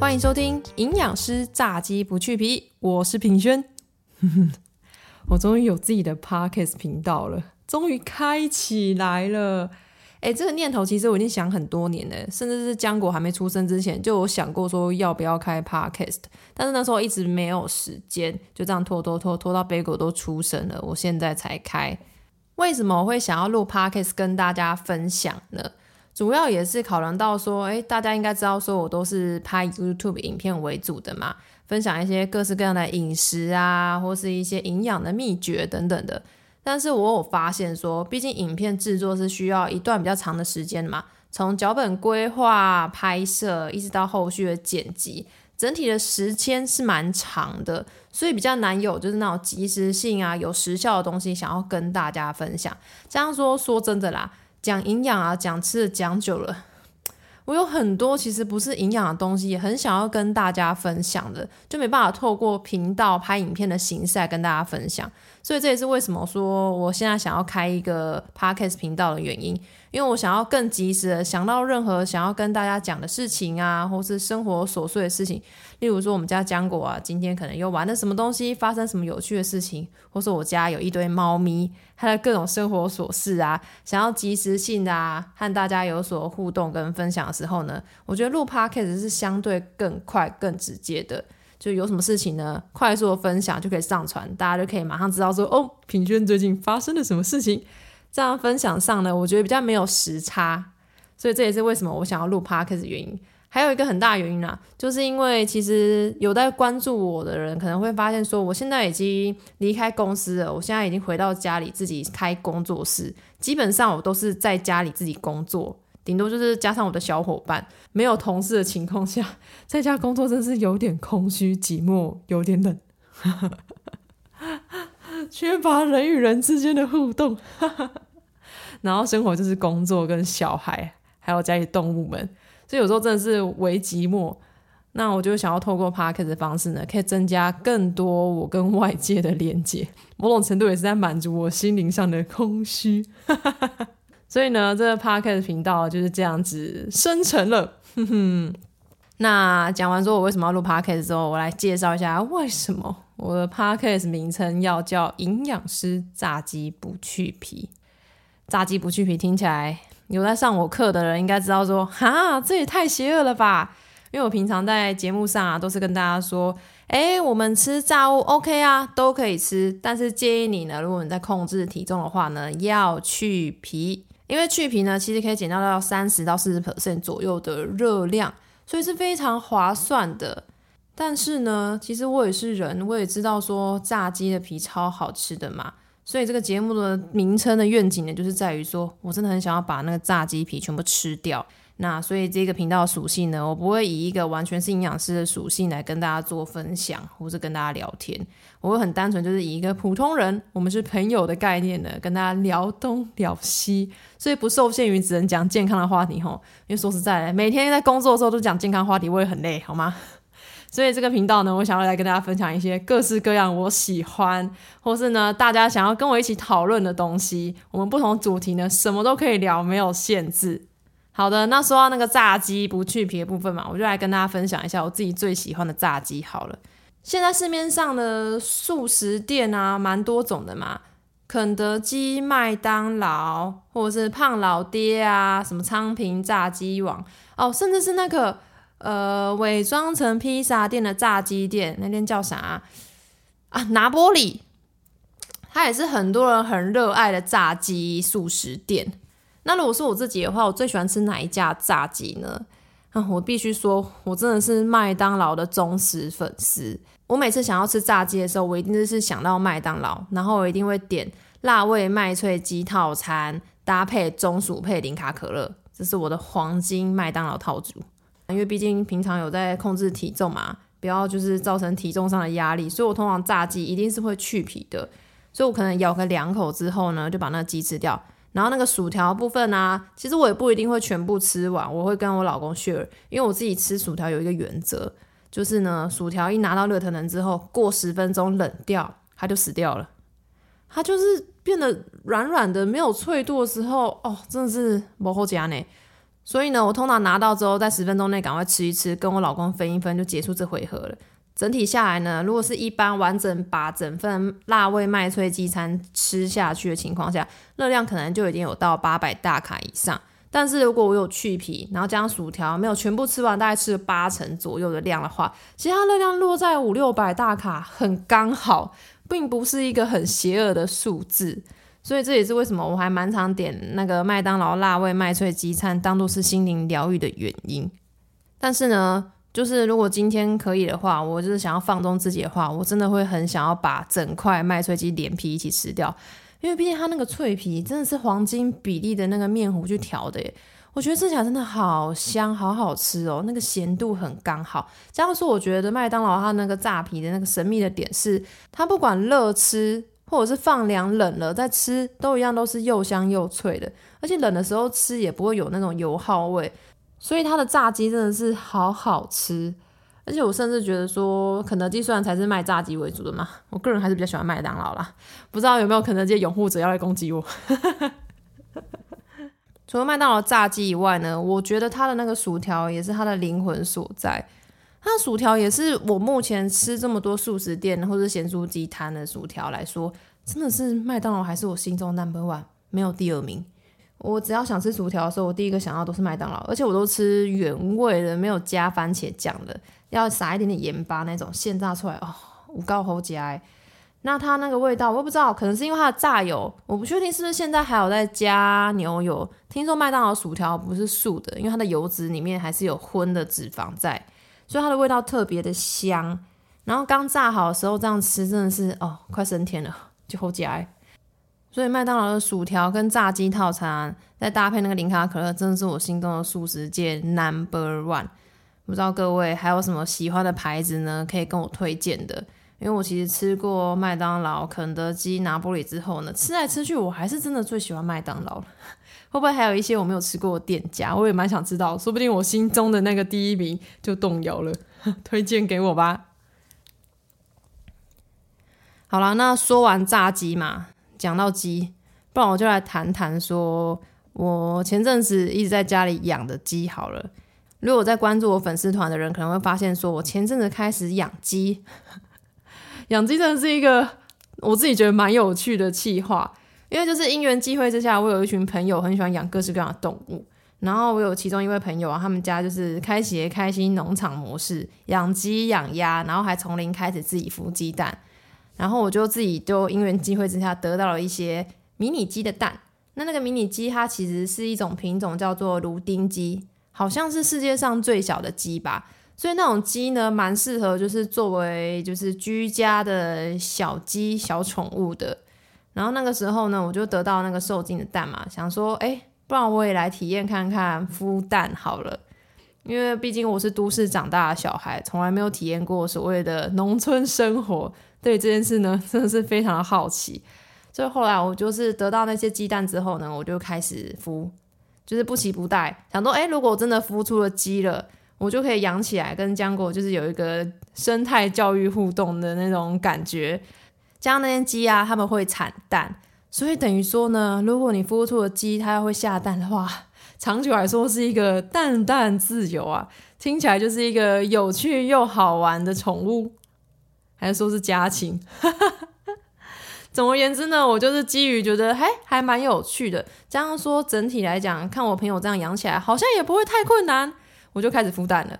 歡迎收聽營養師炸雞不去皮，我是品瑄。 我終於有自己的 podcast 頻道了，終於開起來了。哎、欸，這個念頭其實我已經想很多年了，甚至是江果還沒出生之前，就我想過說要不要開 podcast。但是那時候一直沒有時間，就這樣拖拖拖拖到貝果都出生了，我現在才開。為什麼我會想要錄 podcast 跟大家分享呢？主要也是考量到說，哎、欸，大家應該知道說，我都是拍 YouTube 影片為主的嘛，分享一些各式各樣的飲食啊，或是一些營養的祕訣等等的。但是，我有發現說，畢竟影片制作是需要一段比較長的時間嘛，從腳本規劃、拍攝，一直到後續的剪輯，整體的時間是蠻長的，所以比較難有就是那種即時性啊、有時效的東西想要跟大家分享。這樣說說真的啦。講營養啊，講吃的，講久了，我有很多其實不是營養的東西，也很想要跟大家分享的，就沒辦法透過頻道拍影片的形式來跟大家分享，所以這也是為什麽說我現在想要開一個 podcast 頻道的原因。因為我想要更及時的想到任何想要跟大家講的事情啊，或是生活瑣碎的事情，例如說我們家江果啊，今天可能又玩了什麼東西，發生什麼有趣的事情，或是我家有一堆貓咪，它的各種生活瑣事啊，想要及時性的啊和大家有所互動跟分享的時候呢，我覺得錄 p o d k a s t 是相對更快更直接的，就有什麼事情呢，快速的分享就可以上傳，大家就可以馬上知道說，哦，品均最近發生了什麼事情。這樣分享上呢，我覺得比較沒有時差，所以這也是為什麼我想要錄 podcast 原因。還有一個很大原因呢、啊，就是因為其實有在關注我的人，可能會發現說，我現在已經離開公司了，我現在已經回到家裡自己開工作室，基本上我都是在家裡自己工作，頂多就是加上我的小夥伴，沒有同事的情況下，在家工作真是有點空虛寂寞，有點冷， 缺乏人與人之間的互動。 然後生活就是工作跟小孩，還有家裡動物們，所以有時候真的是為寂寞。那我就想要透過 podcast 的方式呢，可以增加更多我跟外界的連接，某種程度也是在滿足我心靈上的空虛。 所以呢，這個 podcast 頻道就是這樣子生成了。哼哼。那講完說我為什麼要錄 podcast 之後，我來介紹一下為什麼我的 podcast 名稱要叫“營養師炸雞不去皮”。炸雞不去皮，聽起來有在上我課的人應該知道說，哈、啊，這也太邪惡了吧！因為我平常在節目上啊，都是跟大家說，哎、欸，我們吃炸物 OK 啊，都可以吃，但是建議你呢，如果你在控制體重的話呢，要去皮，因為去皮呢，其實可以減掉到三十到四十 percent 左右的熱量，所以是非常划算的。但是呢，其實我也是人，我也知道說炸雞的皮超好吃的嘛。所以這個節目的名稱的願景呢，就是在於說，我真的很想要把那個炸雞皮全部吃掉。那所以這個頻道的屬性呢，我不會以一個完全是營養師的屬性來跟大家做分享，或者跟大家聊天。我會很單純，就是以一個普通人，我們是朋友的概念呢，跟大家聊東聊西。所以不受限於只能講健康的話題吼，因為說實在的，每天在工作的時候都講健康話題，我也很累，好嗎？所以這個頻道呢，我想要來跟大家分享一些各式各樣我喜歡，或是呢大家想要跟我一起討論的東西。我們不同主題呢，什麼都可以聊，沒有限制。好的，那說到那個炸雞不去皮的部分嘛，我就來跟大家分享一下我自己最喜歡的炸雞好了。現在市面上的速食店啊，蠻多種的嘛，肯德基、麥當勞，或者是胖老爹啊，什麼昌平炸雞王哦，甚至是那個。呃，偽裝成披薩店的炸雞店，那店叫啥啊？拿坡里。它也是很多人很熱愛的炸雞速食店。那如果是我自己的話，我最喜歡吃哪一家炸雞呢？嗯，我必須說，我真的是麥當勞的忠實粉絲。我每次想要吃炸雞的時候，我一定就是想到麥當勞，然後我一定會點辣味麥脆雞套餐，搭配中薯配零卡可樂，這是我的黃金麥當勞套組。因為畢竟平常有在控制體重嘛，不要就是造成體重上的壓力，所以我通常炸雞一定是會去皮的，所以我可能咬個兩口之後呢，就把那雞吃掉。然後那個薯條部分呢、啊，其實我也不一定會全部吃完，我會跟我老公 share，因為我自己吃薯條有一個原則，就是呢，薯條一拿到熱騰騰之後，過十分鐘冷掉，它就死掉了，它就是變得軟軟的，沒有脆度的時候，哦，真的是不好講呢。所以呢，我通常拿到之後，在十分鐘內趕快吃一吃，跟我老公分一分，就結束這回合了。整體下來呢，如果是一般完整把整份辣味麥脆雞餐吃下去的情況下，熱量可能就已經有到八百大卡以上。但是如果我有去皮，然後加上薯條，沒有全部吃完，大概吃了八成左右的量的話，其實它熱量落在五六百大卡，很剛好，並不是一個很邪惡的數字。所以這也是為什麼我還蠻常點那個麥當勞辣味麥脆雞餐，當做是心靈療癒的原因。但是呢，就是如果今天可以的話，我就是想要放縱自己的話，我真的會很想要把整塊麥脆雞連皮一起吃掉，因為畢竟它那個脆皮真的是黃金比例的那個麵糊去調的耶。我覺得吃起來真的好香，好好吃哦，那個鹹度很剛好。這樣說，我覺得麥當勞它那個炸皮的那個神秘的點是，它不管熱吃，或者是放涼冷了再吃，都一樣，都是又香又脆的，而且冷的時候吃也不會有那種油耗味，所以它的炸雞真的是好好吃，而且我甚至覺得說，肯德基雖然才是賣炸雞為主的嘛，我個人還是比較喜歡麥當勞啦，不知道有沒有肯德基的擁護者要來攻擊我？ 除了麥當勞炸雞以外呢，我覺得它的那個薯條也是它的靈魂所在。那薯條也是我目前吃這麼多素食店或是鹹酥雞攤的薯條來說，真的是麥當勞還是我心中 number one，沒有第二名。我只要想吃薯條的時候，我第一個想到都是麥當勞，而且我都吃原味的，沒有加番茄醬的，要撒一點點鹽巴那種現炸出來哦，有夠好吃的。那它那個味道，我也不知道，可能是因為它的炸油，我不確定是不是現在還有在加牛油。聽說麥當勞薯條不是素的，因為它的油脂裡面還是有葷的脂肪在。所以它的味道特別的香，然後剛炸好的時候這樣吃真的是哦，快升天了，就好假欸。所以麥當勞的薯條跟炸雞套餐再搭配那個零卡可樂，真的是我心中的速食界 number one。不知道各位還有什麼喜歡的牌子呢？可以跟我推薦的？因為我其實吃過麥當勞、肯德基、拿坡里之後呢，吃來吃去我還是真的最喜歡麥當勞了。會不會還有一些我沒有吃過的店家？我也蠻想知道，說不定我心中的那個第一名就動搖了。推薦給我吧。好啦，那說完炸雞嘛，講到雞，不然我就來談談說，我前陣子一直在家裡養的雞好了。如果在關注我粉絲團的人，可能會發現說我前陣子開始養雞， 養雞真的是一個我自己覺得蠻有趣的企劃。因為就是因緣際會之下，我有一群朋友很喜歡養各式各樣的動物，然後我有其中一位朋友啊，他們家就是開啟開心農場模式，養雞養鴨，然後還從零開始自己孵雞蛋，然後我就自己就因緣際會之下得到了一些迷你雞的蛋。那那個迷你雞它其實是一種品種叫做蘆丁雞，好像是世界上最小的雞吧，所以那種雞呢，蠻適合就是作為就是居家的小雞小寵物的。然後那個時候呢，我就得到那個受精的蛋嘛，想說，哎，不然我也來體驗看看孵蛋好了。因為畢竟我是都市長大的小孩，從來沒有體驗過所謂的農村生活，對這件事呢真的是非常的好奇。所以後來我就是得到那些雞蛋之後呢，我就開始孵，就是不急不待，想說，哎，如果我真的孵出了雞了，我就可以養起來，跟江果就是有一個生態教育互動的那種感覺。這樣那些雞啊，它們會產蛋，所以等於說呢，如果你孵出了雞，它會下蛋的話，長久來說是一個蛋蛋自由啊，聽起來就是一個有趣又好玩的寵物，還是說是家禽？哈哈哈。總而言之呢，我就是基於覺得，哎，還蠻有趣的。這樣說，整體來講，看我朋友這樣養起來，好像也不會太困難，我就開始孵蛋了。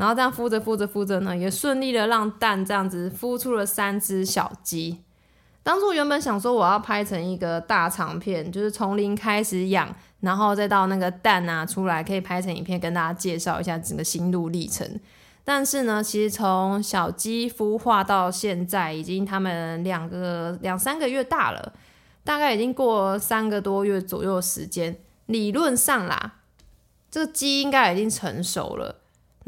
然後這樣孵着孵着孵着呢，也順利的讓蛋這樣子孵出了三隻小雞。當初原本想說我要拍成一個大長片，就是從零開始養，然後再到那個蛋啊出來，可以拍成影片跟大家介紹一下整個心路歷程。但是呢，其實從小雞孵化到現在，已經他們兩個兩三個月大了，大概已經過三個多月左右的時間，理論上啦，這個雞應該已經成熟了。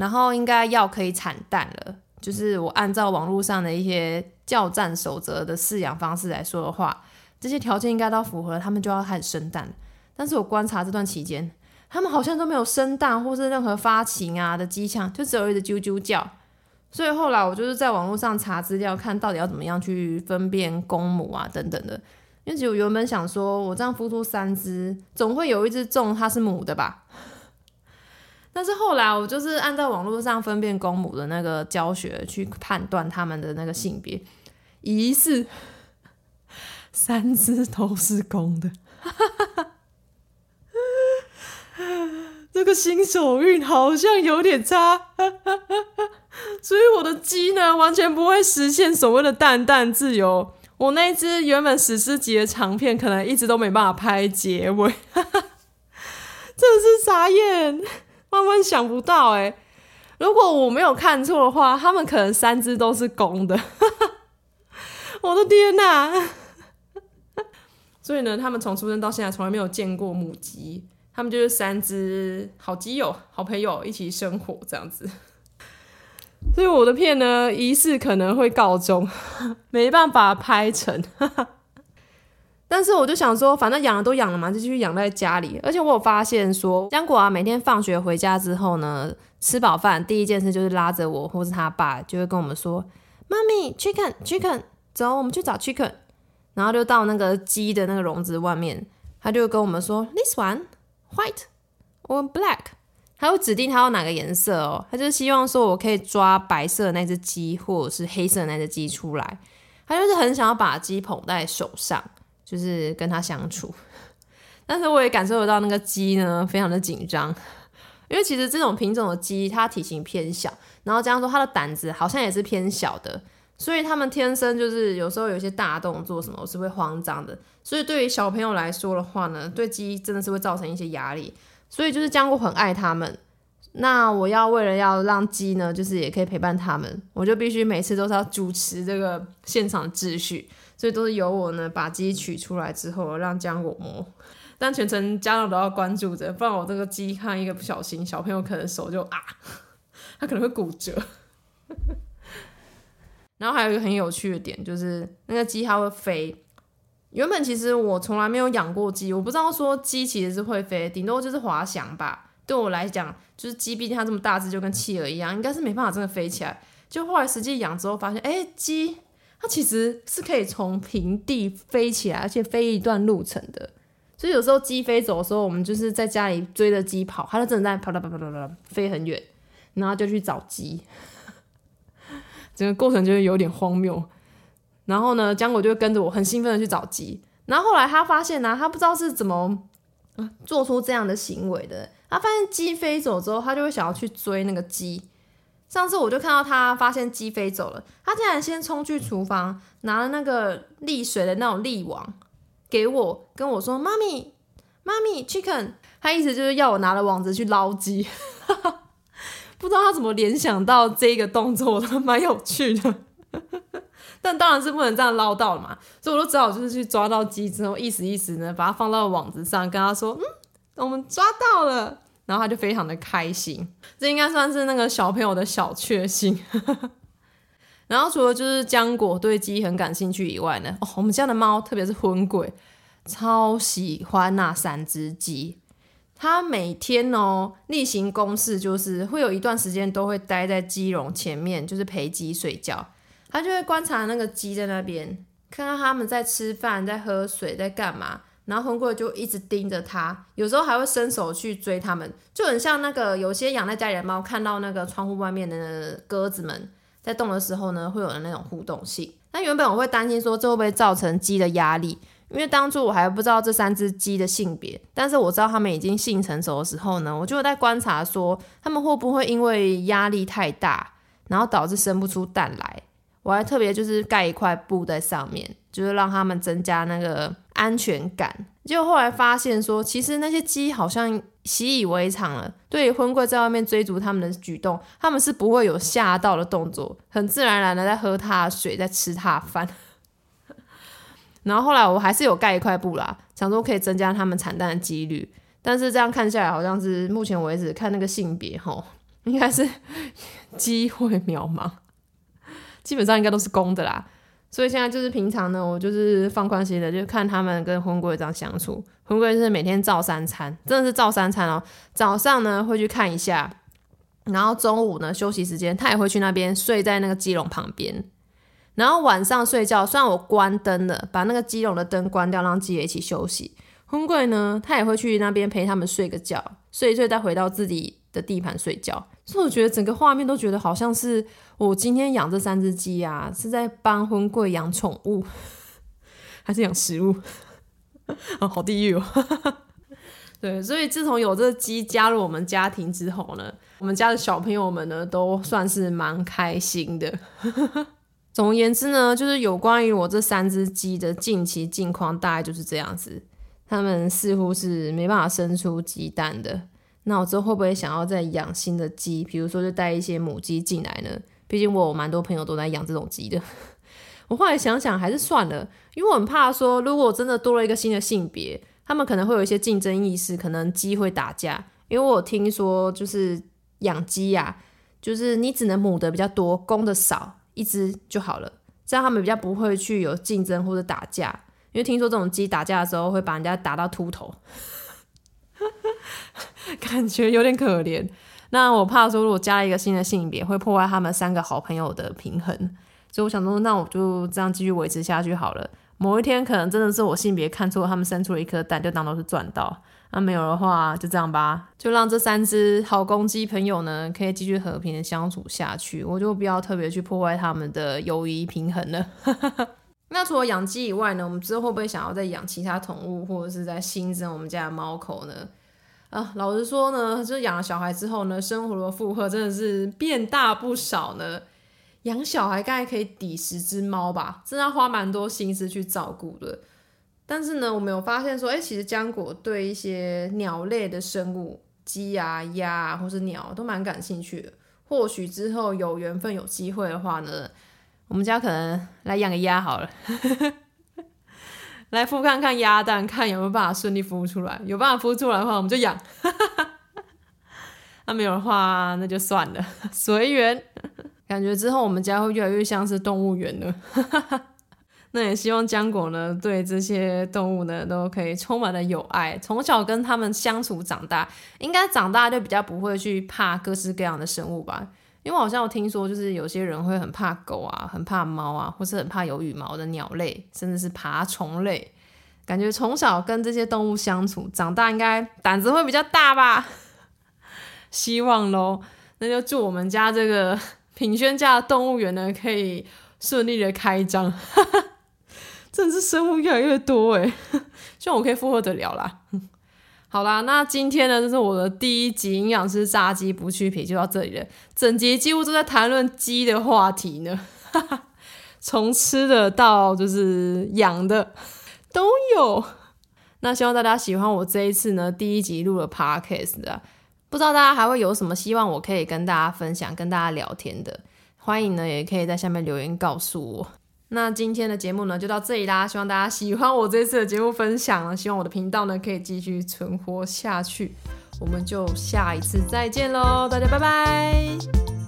然後應該要可以產蛋了，就是我按照網絡上的一些教戰守則的飼養方式來說的話，這些條件應該都符合，他們就要開始生蛋。但是我觀察這段期間，他們好像都沒有生蛋或是任何發情啊的跡象，就只有一直啾啾叫。所以後來我就是在網絡上查資料，看到底要怎麼樣去分辨公母啊等等的。因為其實我原本想說，我這樣孵出三隻，總會有一隻中它是母的吧。但是後來我就是按照網絡上分辨公母的那個教學去判斷他們的那個性別，疑似三隻都是公的。 這個新手運好像有點差， 所以我的雞呢完全不會實現所謂的蛋蛋自由。我那一隻原本史詩級的長片可能一直都沒辦法拍結尾， 真的是傻眼。萬萬想不到哎、欸！如果我沒有看錯的話，他們可能三隻都是公的。 我的天哪！所以呢，他們從出生到現在從來沒有見過母雞，他們就是三隻好基友、好朋友一起生活這樣子。所以我的片呢，疑似可能會告終，沒辦法拍成。 但是我就想說，反正養了都養了嘛，就繼續養在家裡。而且我有發現說，堅果啊，每天放學回家之後呢，吃飽飯第一件事就是拉着我，或是他爸，就會跟我們說：“媽咪，chicken，chicken，走，我們去找 chicken。”然後就到那個雞的那個籠子外面，他就會跟我們說：“This one white or black？” 他會指定他要哪個顏色哦。他就希望說我可以抓白色的那隻雞，或者是黑色的那隻雞出來。他就是很想要把雞捧在手上。就是跟他相處，但是我也感受得到那個雞呢，非常的緊張。因為其實這種品種的雞，它體型偏小，然後加上說，它的膽子好像也是偏小的，所以它們天生就是有時候有一些大動作什麼，我是會慌張的。所以對於小朋友來說的話呢，對雞真的是會造成一些壓力。所以就是這樣，我很愛他們。那我要為了要讓雞呢，就是也可以陪伴他們，我就必須每次都是要主持這個現場秩序。所以都是由我呢，把雞取出來之後讓薑果摸，但全程家長都要關注着，不然我這個雞看一個不小心，小朋友可能手就啊，他可能會骨折。 然後還有一個很有趣的點就是那個雞它會飛。原本其實我從來沒有養過雞，我不知道說雞其實是會飛，頂多就是滑翔吧。對我來講，就是雞畢竟它這麼大只，就跟企鵝一樣，應該是沒辦法真的飛起來。就後來實際養之後發現，哎、欸，雞。它其實是可以從平地飛起來，而且飛一段路程的。所以有時候雞飛走的時候，我們就是在家裡追着雞跑，它就真的在啪啦啪啦啪啦啪啦飛很遠，然後就去找雞。整個過程就是有點荒謬。然後呢，江狗就會跟着我很興奮的去找雞。然後後來他發現呢、啊，他不知道是怎麼做出這樣的行為的。他發現雞飛走之後，他就會想要去追那個雞。上次我就看到他發現雞飛走了，他竟然先衝去廚房拿了那個瀝水的那種瀝網，給我跟我說：“媽咪，媽咪，chicken。”他意思就是要我拿了網子去撈雞， 不知道他怎麼聯想到這個動作的，蠻有趣的。 但當然是不能這樣撈到了嘛，所以我都只好就是去抓到雞之後，一時一時呢，把它放到網子上，跟他說：“嗯，我們抓到了。”然後他就非常的開心，這應該算是那個小朋友的小確幸。呵呵，然後除了就是漿果對雞很感興趣以外呢，哦、我們家的貓特別是混鬼，超喜歡那、啊、三隻雞。它每天哦例行公事就是會有一段時間都會待在雞籠前面，就是陪雞睡覺。它就會觀察那個雞在那邊，看看他們在吃飯、在喝水、在幹嘛。然後昏過就一直盯着它，有時候還會伸手去追它們，就很像那個有些養在家裡的貓，看到那個窗戶外面的鴿子們在動的時候呢，會有的那種互動性。那原本我會擔心說，這會不會造成雞的壓力？因為當初我還不知道這三隻雞的性別，但是我知道它們已經性成熟的時候呢，我就在觀察說，它們會不會因為壓力太大，然後導致生不出蛋來。我還特別就是蓋一塊布在上面，就是讓他們增加那個安全感。結果後來發現說，其實那些雞好像習以為常了，對於昏櫃在外面追逐他們的舉動，他們是不會有嚇到的動作，很自然然的在喝它水，在吃它飯。 然後後來我還是有蓋一塊布啦，想說可以增加他們產蛋的幾率。但是這樣看下來，好像是目前為止看那個性別吼，應該是機會渺茫。基本上應該都是公的啦，所以現在就是平常呢，我就是放寬心的，就看他們跟婚貴這樣相處。婚貴是每天照三餐，真的是照三餐哦。早上呢會去看一下，然後中午呢休息時間，他也會去那邊睡在那個雞籠旁邊，然後晚上睡覺，雖然我關燈了，把那個雞籠的燈關掉，讓雞也一起休息。婚貴呢，他也會去那邊陪他們睡個覺，睡一睡再回到自己的地盤睡覺，所以我覺得整個畫面都覺得好像是我今天養這三隻雞啊，是在幫婚櫃養寵物， 還是養食物 啊？好地獄哦！ 對，所以自從有這雞加入我們家庭之後呢，我們家的小朋友們呢都算是蠻開心的。 總而言之呢，就是有關於我這三隻雞的近期近況，大概就是這樣子。他們似乎是沒辦法生出雞蛋的。那我之後會不會想要再養新的雞？比如說，就帶一些母雞進來呢？畢竟我蠻多朋友都在養這種雞的。我後來想想，還是算了，因為我很怕說，如果真的多了一個新的性別，他們可能會有一些競爭意識，可能雞會打架。因為我聽說，就是養雞呀，就是你只能母的比較多，公的少，一隻就好了，這樣他們比較不會去有競爭或者打架。因為聽說這種雞打架的時候會把人家打到禿頭。 感覺有點可憐。那我怕說，如果加了一個新的性別，會破壞他們三個好朋友的平衡。所以我想說，那我就這樣繼續維持下去好了。某一天可能真的是我性別看錯了，他們生出了一顆蛋，就當做是賺到。那沒有的話，就這樣吧。就讓這三只好公雞朋友呢，可以繼續和平的相處下去。我就不要特別去破壞他們的友誼平衡了。 那除了養雞以外呢，我們之後會不會想要再養其他寵物，或者是再新增我們家的貓口呢？啊，老實說呢，就養了小孩之後呢，生活的負荷真的是變大不少呢。養小孩大概可以抵十隻貓吧，真的花蠻多心思去照顧的。但是呢，我們有發現說，哎、欸，其實漿果對一些鳥類的生物，雞啊、鴨啊，或是鳥都蠻感興趣的。或許之後有緣分、有機會的話呢，我們家可能來養個鴨好了。 來孵看看鴨蛋，看有沒有辦法順利孵出來。有辦法孵出來的話，我們就養；那、 啊、沒有的話，那就算了，隨緣。感覺之後我們家會越來越像是動物園了。 那也希望江果呢，對這些動物呢，都可以充滿了友愛，從小跟他們相處長大，應該長大就比較不會去怕各式各樣的生物吧。因為好像我聽說，就是有些人會很怕狗啊，很怕貓啊，或是很怕有羽毛的鳥類，甚至是爬蟲類。感覺從小跟這些動物相處，長大應該膽子會比較大吧？希望咯，那就祝我們家這個品瑄家的動物園呢，可以順利的開張。 真的是生物越來越多哎，希望我可以負荷得了啦。好啦，那今天呢，就是我的第一集營養師炸雞不去皮就到這裡了。整集幾乎都在談論雞的話題呢，從 吃的到就是養的都有。那希望大家喜歡我這一次呢第一集錄的 Podcast 啊，不知道大家還會有什麼希望我可以跟大家分享、跟大家聊天的，歡迎呢也可以在下面留言告訴我。那今天的節目呢，就到這裡啦。希望大家喜歡我這次的節目分享，希望我的頻道呢可以繼續存活下去。我們就下一次再見嘍，大家拜拜。